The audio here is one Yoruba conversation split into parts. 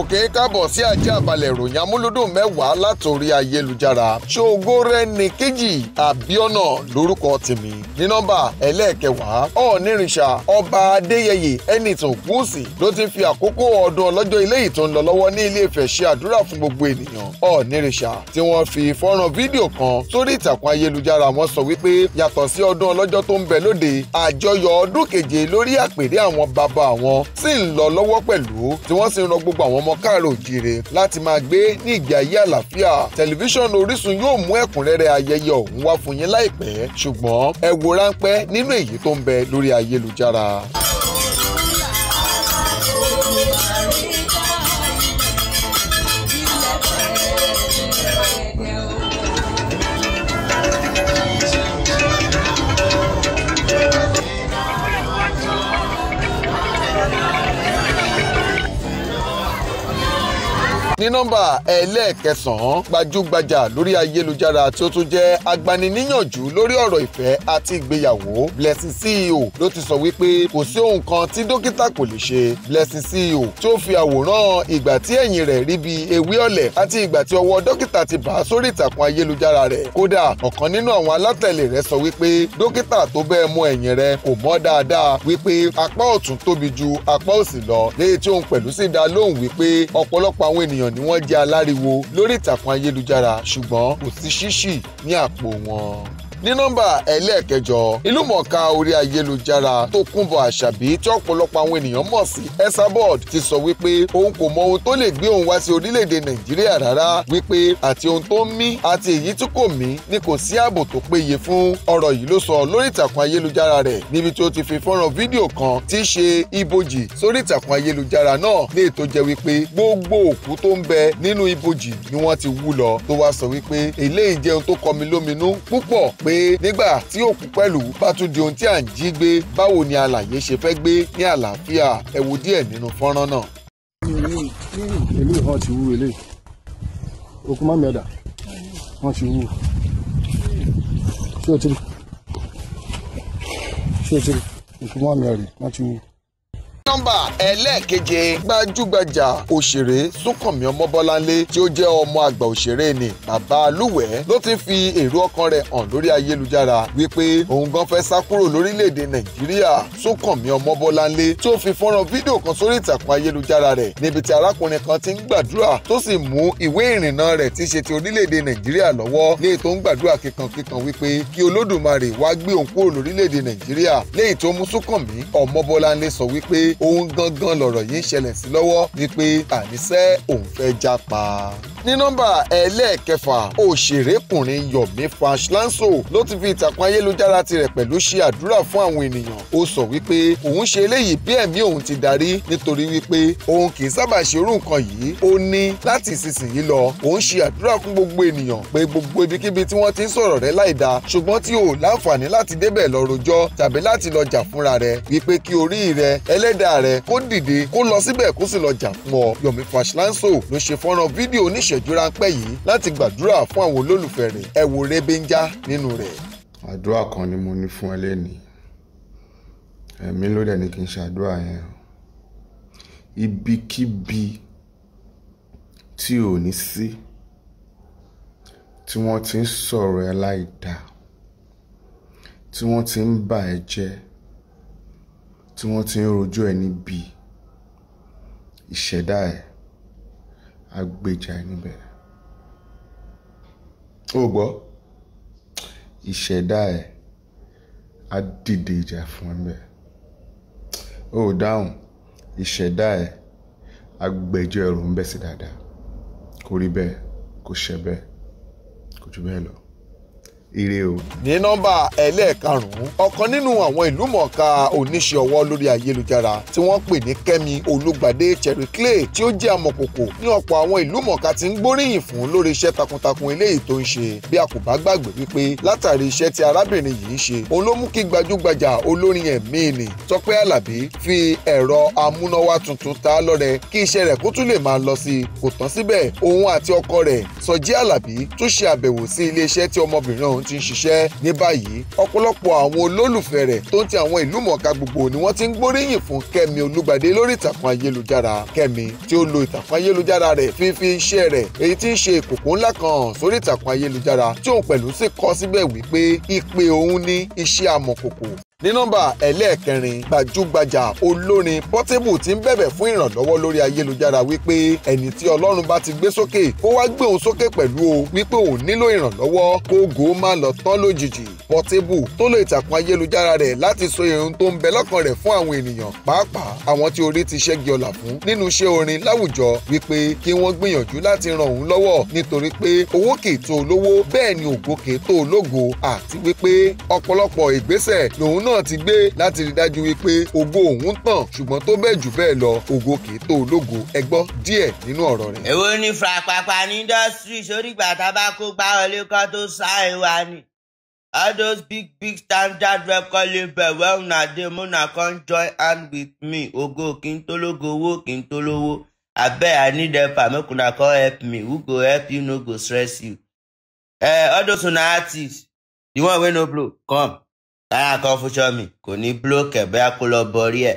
mo kì í káàbọ̀ sí ajá àbálẹ̀ ìròyìn amúlúdùn mẹ́wàá látòrí ayélujára ṣògórẹ́ni kejì àbíọ́nà lórúkọ tèmi ní nọ́mbà ẹlẹ́ẹ̀kẹwàá ọ̀nìrìnṣà ọba adéyẹyè ẹnìtàn gúúsì ló ti fi àkókò ọdún ọlọ́jọ́ ilé yìí tó ń lọ lọ́wọ́ ní ilé Ifẹ̀ ṣe àdúrà fún gbogbo ènìyàn ọ̀nìrìnṣà tí wọ́n fi fọ́nrán fídíò kan sórí ìtàkùn ayélujára wọn sọ wípé yàtọ̀ sí ọdún ọlọ́jọ́ tó ń bẹ lóde àjọyọ̀ ọdún keje lórí àpèrè àwọn bàbá àwọn sì ń lọ lọ́wọ́ pẹ̀lú ọmọ káàrọ̀ òjìrè láti máa gbé ní ìgbé ayé àlàáfíà tẹlifíṣàn Orísun yóò mú ẹ̀kúnrẹ́rẹ́ ayẹyẹ ọ̀hún wá fún yín láìpẹ́ ṣùgbọ́n ẹ wo ráńpẹ́ nínú èyí tó ń bẹ lórí ayélujára. nọ́mbà ẹlẹ́ẹ̀kẹsàn-án gbajúgbajà lórí ayélujára tí ó tún jẹ́ agbaniníyànjú lórí ọ̀rọ̀ ìfẹ́ àti ìgbéyàwó Blessing CEO ló ti sọ wípé kò sí ohun kan tí dókítà kò lè ṣe Blessing CEO tí ó fi àwòrán ìgbà tí ẹ̀yìn rẹ̀ rí bí ewé ọ̀lẹ̀ àti ìgbà tí ọwọ́ dókítà ti bà á sórí ìtàkùn ayélujára rẹ̀ kódà ọ̀kan nínú àwọn alátẹ̀lé rẹ̀ sọ wípé dókítà tó bẹ́ẹ̀ mọ ẹ̀yìn rẹ̀ kò mọ́ dáadáa wípé apá ọ̀tún tóbi ju apá òsì lọ léyìí tí òun pẹ̀lú sì dá lóhùn wípé ọ̀pọ̀lọpọ̀ àwọn ènìyàn ni wọ́n jẹ́ aláriwo lórí ìtàkùn ayélujára ṣùgbọ́n kò sí ṣíṣì ní àpò wọn ní nọ́mbà ẹlẹ́ẹ̀kẹjọ ìlúmọ̀ọ́ká orí ayélujára Tókunbọ̀ Àṣàbí tí ọ̀pọ̀lọpọ̀ àwọn ènìyàn mọ̀ sí Esabod ti sọ wípé òun kò mọ ohun tó lè gbé òun wá sí orílẹ̀-èdè Nàìjíríà rárá wípé àti ohun tó ń mí àti èyí tí kò mí ni kò sí ààbò tó péye fún ọ̀rọ̀ yìí ló sọ lórí ìtàkùn ayélujára rẹ̀ níbi tí ó ti fi fọ́nrán fídíò kan tí í ṣe ibojì sórí ìtàkùn ayélujára náà ní ètò jẹ́ wípé gbogbo òkú tó ń bẹ nínú ibojì ni wọ́n ti wú lọ tó wá sọ wípé eléyìí jẹ́ ohun tó kọ mi lóminú púpọ̀ pé pé nígbà tí òkú pẹ̀lú bá tún di ohun tí à ń jí gbé báwo ni alàyè ṣe fẹ́ gbé ní àlàáfíà ẹ wo díẹ̀ nínú fọ́nrán náà. èmi ìhàn ti wú eléyìí okun má mi ọ̀dà wọ́n ti wú ṣé o ti rí ṣé o ti rí okun má mi ọ̀rẹ́ wọ́n ti wú nọ́mbà ẹlẹ́ẹ̀keje gbajúgbajà òṣèré Súnkànmí Ọmọbọ́láńlé tí ó jẹ́ ọmọ àgbà òṣèré ni bàbá Lúwẹ̀ẹ́ ló ti fi èrò ọkàn rẹ̀ hàn lórí ayélujára wípé òun gan fẹ́ sá kúrò lórílẹ̀‐èdè Nàìjíríà Súnkànmí Ọmọbọ́láńlé tí ó fi fọ́nrán fídíò kan sórí ìtàkùn ayélujára rẹ̀ níbi tí arákùnrin kan ti ń gbàdúrà tó sì mú ìwé ìrìnnà rẹ̀ tí í ṣe ti orílẹ̀‐èdè Nàìjíríà lọ́wọ́ léè tó ń gbàdúrà kíkankíkan wípé kí Olódùmarè wá gbé òun kúrò lórílẹ̀‐èdè Nàìjíríà léè tó mú Súnkànmí Ọmọbọ́láńlé sọ wípé òun gangan lọ̀rọ̀ yìí ń ṣẹlẹ̀ sí lọ́wọ́ wípé àníṣe òun fẹ́ jápa ní nọ́mbà ẹlẹ́ẹ̀kẹfà òṣèrékùnrin Yomi Fashlanso ló ti fi ìtàkùn ayélujára tirẹ̀ pẹ̀lú ṣe àdúrà fún àwọn ènìyàn ó sọ wípé òun ṣe eléyìí bí ẹ̀mí òun ti darí nítorí wípé òun kì í sábà ṣe irú nǹkan yìí ó ní láti ìsinsìnyí lọ òun ṣe àdúrà fún gbogbo ènìyàn pé gbogbo ibikíbi tí wọ́n ti ń sọ̀rọ̀ rẹ láìda ṣùgbọ́n tí o láǹfààní láti débẹ̀ lọ rojọ́ tàbí láti lọ jà fúnra rẹ wípé kí orí ẹlẹ́dà ìyá rẹ kó dìde kó lọ síbẹ̀ kó sì lọ jà fún ọ yomi fashlanso ló ṣe fọ́nrán fídíò oníṣẹ́jú ráńpẹ́ yìí láti gbàdúrà fún àwọn olólùfẹ́ rẹ̀ ẹ wò rẹ́bẹ́njá nínú rẹ̀. àdúrà kan ni mo ní fún ẹ lẹ́nìí ẹ̀mí ló dẹ̀ ní kí n ṣàdúrà yẹn ibikíbi tí ò ní sí tí wọ́n ti ń sọ̀rọ̀ ẹ láì dáa tí wọ́n ti ń bà ẹ́ jẹ́ tí wọ́n ti ń rojọ́ ẹ níbi ìṣẹ̀dá ẹ agbèjà ẹ níbẹ̀ ó gbọ́ ìṣẹ̀dá ẹ á dìde ìjà fún ẹ níbẹ̀ ó dáhùn ìṣẹ̀dá ẹ agbẹjọ́ ẹrù ń bẹ̀ sí dáadáa kò bẹ́ẹ̀ kò ṣẹ bẹ́ẹ̀ kò jù bẹ́ẹ̀ lọ ire o. ní nọ́mbà ẹlẹ́ẹ̀karùn-ún ọ̀kan nínú àwọn ìlú mọ̀ọ́ká oníṣẹ́ ọwọ́ lórí ayélujára tí wọ́n pè ní Kẹ́mi Olúgbadé Cherry Clay tí ó jẹ́ amọ̀kòkò ní ọ̀pọ̀ àwọn ìlú mọ̀ọ́ká tí ń gbóríyìn fún lórí iṣẹ́ takuntakun eléyìí tó ń ṣe bí a kò bá gbàgbé wípé látàrí iṣẹ́ tí arábìnrin yìí ń ṣe òun ló mú kí gbajúgbajà olórin ẹ̀mí ni Tọ́pẹ́ Àlàbí fi ẹ̀rọ amúnáwá tuntun ta lọ́rẹ kí iṣẹ́ rẹ̀ kó tún lè máa ọ̀hún ti ń ṣiṣẹ́ ní báyìí ọ̀pọ̀lọpọ̀ àwọn olólùfẹ́ rẹ̀ tó ń ti àwọn ìlú mọ̀ọ́ká gbogbo ni wọ́n ti ń gbóríyìn fún kẹ́mi olúgbàdé lórí ìtàkùn ayélujára kẹ́mi tí ó lo ìtàkùn ayélujára rẹ̀ fífi iṣẹ́ rẹ̀ èyí tí ń ṣe ìkòkò ńlá kan sórí ìtàkùn ayélujára tí òun pẹ̀lú sì kọ síbẹ̀ wípé ìpè òun ni iṣẹ́ amọ̀kòkò ní nọ́mbà ẹlẹ́ẹ̀kẹrin gbajúgbajà olórin Portable ti ń bẹ̀bẹ̀ fún ìrànlọ́wọ́ lórí ayélujára wípé ẹni tí Ọlọ́run bá ti gbé sókè kó wá gbé òun sókè pẹ̀lú o wípé òun nílò ìrànlọ́wọ́ kó ògo má lọ tán lójijì Portable tó lo ìtàkùn ayélujára rẹ̀ láti sọ irun tó ń bẹ lọ́kàn rẹ̀ fún àwọn ènìyàn pàápàá àwọn tí orí ti ṣẹ́gi ọ̀là fún nínú iṣẹ́ orin láwùjọ wípé kí wọ́n gbìyànjú láti ràn òun lọ́wọ́ nítorí pé owó kì í tó olówó bẹ́ẹ̀ ni ògo kì í tó ológo àti wípé ọ̀pọ̀lọpọ̀ ìgbésẹ̀ lòun n náà ti gbé láti rí dájú wípé ògo òun tàn ṣùgbọ́n tó bẹ́ẹ̀ jù bẹ́ẹ̀ lọ ògo kì í tó ológo ẹ gbọ́ díẹ̀ nínú ọ̀rọ̀ rẹ̀. èwo ni fàpàpà ní indọ́sítírì sórí gbàtà bá kó gbá wọlé kan tó sá ìwà ni all those big big standard record label well na dey muna come join hand with me ògo kì í tó lógo owó kì í tó lówó abeg i need help make una come help me who go help you no go stress you. Uh, all those una artists the one wey no blow come káyà kan fún sọmi kò ní búlọ́ọ̀kì ẹ̀ bẹ́ẹ̀ lọ bọrí ẹ̀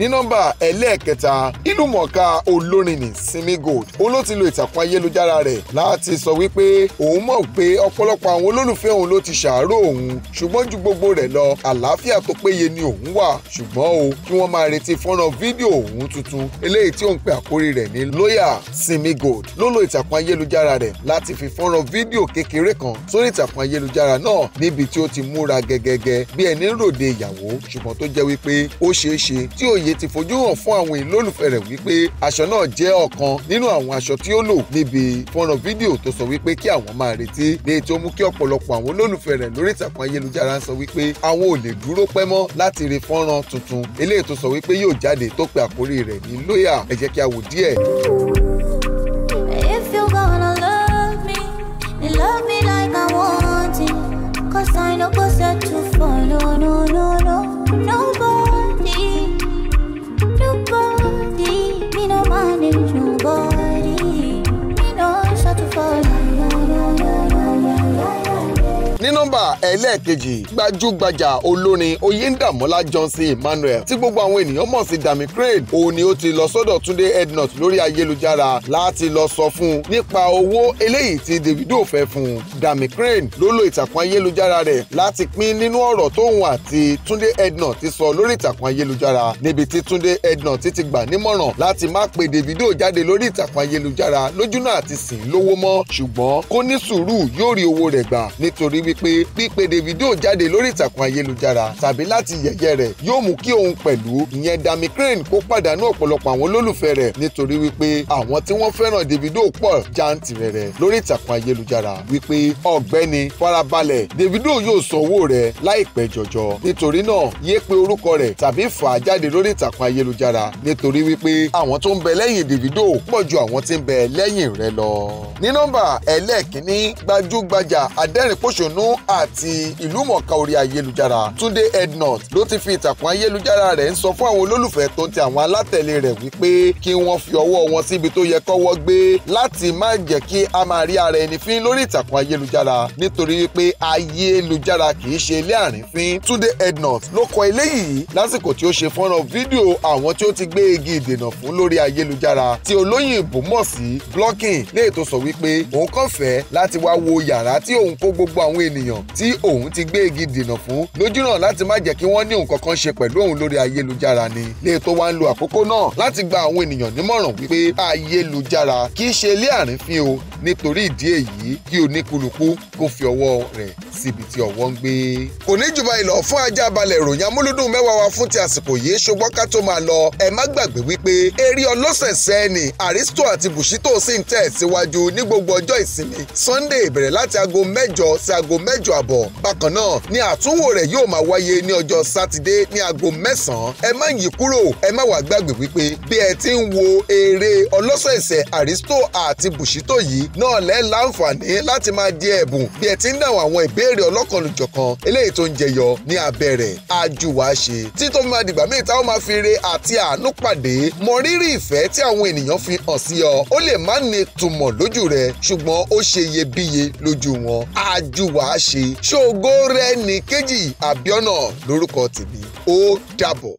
ní nọ́mbà ẹlẹ́ẹ̀kẹta ìlúmọ̀ọ́ká olórin ní Simi Gold òun ti lo ìtàkùn ayélujára rẹ̀ láti sọ wípé òun mọ̀ pé ọ̀pọ̀lọpọ̀ àwọn olólùfẹ́ òun ló ti ṣàárò òun ṣùgbọ́n ju gbogbo rẹ̀ lọ àlàáfíà tó péye ni òun wà ṣùgbọ́n o kí wọ́n máa retí fọ́nrán fídíò òun tuntun eléyìí tí òun pe àkórí rẹ̀ ní lóyà Simi Gold ló lo ìtàkùn ayélujára rẹ̀ láti fi fọ́nrán fídíò kékeré kan sórí ìtàkùn ayélujára náà níbi tí ó ti múra gẹ́gẹ́gẹ́ bí ẹni ń ròde ìyàwó ṣùgbọ́n tó jẹ́ wípé ó ṣeé ṣe tí òye ti fojú hàn fún àwọn ìlólùfẹ́ rẹ̀ wípé aṣọ náà jẹ́ ọ̀kan nínú àwọn aṣọ tí ó lò níbi fọ́nrán fídíò tó sọ wípé kí àwọn máa retí ní èyí mú kí ọ̀pọ̀lọpọ̀ àwọn olólùfẹ́ rẹ̀ lórí ìtàkùn ayélujára sọ wípé àwọn ò lè dúró pẹ́ mọ́ láti rí fọ́nrán tuntun eléyìí tó sọ wípé yóò jáde tó pe àkórí rẹ̀ ní lóyà ẹ kí a wò díẹ̀. If you gonna love me, love me like I want it, cause I no go set to follow, no, no, no. ẹlẹ́ẹ̀kejì gbajúgbajà olórin oyéǹdàmọ́lá johnson emmanuel tí gbogbo àwọn ènìyàn mọ̀ sí dami crane òun ni ó ti lọ sọ́dọ̀ túnde ednut lórí ayélujára láti lọ sọ fún un nípa owó eléyìí tí davido fẹ́ fún un dami crane ló lo ìtàkùn ayélujára rẹ̀ láti pín nínú ọ̀rọ̀ tóun àti túnde ednut ti sọ lórí ìtàkùn ayélujára níbi tí túnde ednut ti gbà nímọ̀ràn láti má pe davido jáde lórí ìtàkùn ayélujára lójúnà àti sìn lówó mọ́ ṣùgbọ́n kó ní sùúrù yóò rí owó rẹ̀ gbà nítorí wípé pípe Davido jáde lórí ìtàkùn ayélujára tàbí láti yẹ̀yẹ́ rẹ̀ yóò mú kí òun pẹ̀lú ìyẹn Dami Crane kó pàdánù ọ̀pọ̀lọpọ̀ àwọn olólùfẹ́ rẹ̀ nítorí wípé àwọn tí wọ́n fẹ́ràn Davido pọ̀ jàǹtìrẹrẹ lórí ìtàkùn ayélujára wípé ọ̀gbẹ́ni farabalẹ̀ Davido yóò san owó rẹ̀ láìpẹ́ jọjọ nítorí náà yé pe orúkọ rẹ̀ tàbí fà á jáde lórí ìtàkùn ayélujára nítorí wípé àwọn tó ń bẹ lẹ́yìn Davido pọ̀ ju àwọn tí ń bẹ lẹ́yìn rẹ̀ lọ. ní nọ́mbà ẹlẹ́ẹ̀kínní gbajúgbajà adẹ́rìnpòṣónú àti àti ìlúmọ̀ọ́ká orí ayélujára Túndé Ednut ló ti fi ìtàkùn ayélujára rẹ̀ ń sọ fún àwọn olólùfẹ́ tó ń ti àwọn alátẹ̀lé rẹ̀ wípé kí wọ́n fi ọwọ́ wọn síbi tó yẹ kọ́wọ́ gbé láti má jẹ́ kí a máa rí ara ẹni fín lórí ìtàkùn ayélujára nítorí wípé ayélujára kì í ṣe ilé àrífín Túndé Ednut ló kọ eléyìí lásìkò tí ó ṣe fọ́nrán fídíò àwọn tí ó ti gbé igi ìdènà fún lórí ayélujára tí olóyìnbó mọ̀ sí blocking lè tó sọ wípé òun kàn fẹ́ láti wá wo yàrá tí òun kó gbogbo àwọn ènìyàn t tí òun ti gbé igi dènà fún lójúràn láti má jẹ́ kí wọ́n ní nǹkan kan ṣe pẹ̀lú òun lórí ayélujára ni lè tó wá ń lo àkókò náà láti gba àwọn ènìyàn nímọ̀ràn wípé ayélujára kì í ṣe ilé àrífín o nítorí ìdí èyí kí oníkúlùkù kó fi ọwọ́ rẹ̀ síbi tí ọwọ́ ń gbé. kò ní jù báyìí fún ajá balẹ̀ ìròyìn amúlùdùn mẹ́wàá wa fún ti àsìkò yìí ṣùgbọ́n ká tó máa lọ ẹ má gbàgbé wípé eré ọlọ́sẹ̀sẹ̀ ni Aristo àti Bushito sì ń tẹ̀ ní gbogbo ọjọ́ ìsinmi Sunday ìbẹ̀rẹ̀ láti aago mẹ́jọ sí aago mẹ́jọ àb àbọ̀ bákan náà ni àtúnwò rẹ̀ yóò máa wáyé ní ọjọ́ sátidé ní aago mẹ́sàn-án ẹ má yí kúrò ẹ má wàá gbàgbé wípé bí ẹ ti ń wo eré ọlọ́sọ̀ẹ̀sẹ̀ àrísítò àti bùṣítò yìí náà lẹ́ láǹfààní láti máa di ẹ̀bùn bí ẹ ti ń dáhùn àwọn ìbéèrè ọlọ́kanòjọ̀kan eléyìí tó ń jẹyọ ní abẹ́rẹ́ àjùwáṣe títọ́ máa dìgbà míì táwọn máa fi re àti àánú pàdé mọ rírì ìfẹ́ tí àwọn ènìyàn fi hàn sí ọ ó lè má ní ìtumọ̀ lójú rẹ ṣùgbọ́n ó ṣe iyebíye lójú wọn àjùwáṣe ṣògo rẹ̀ nìkejì àbíọ́nà lórúkọ tèmi ó dàbọ̀.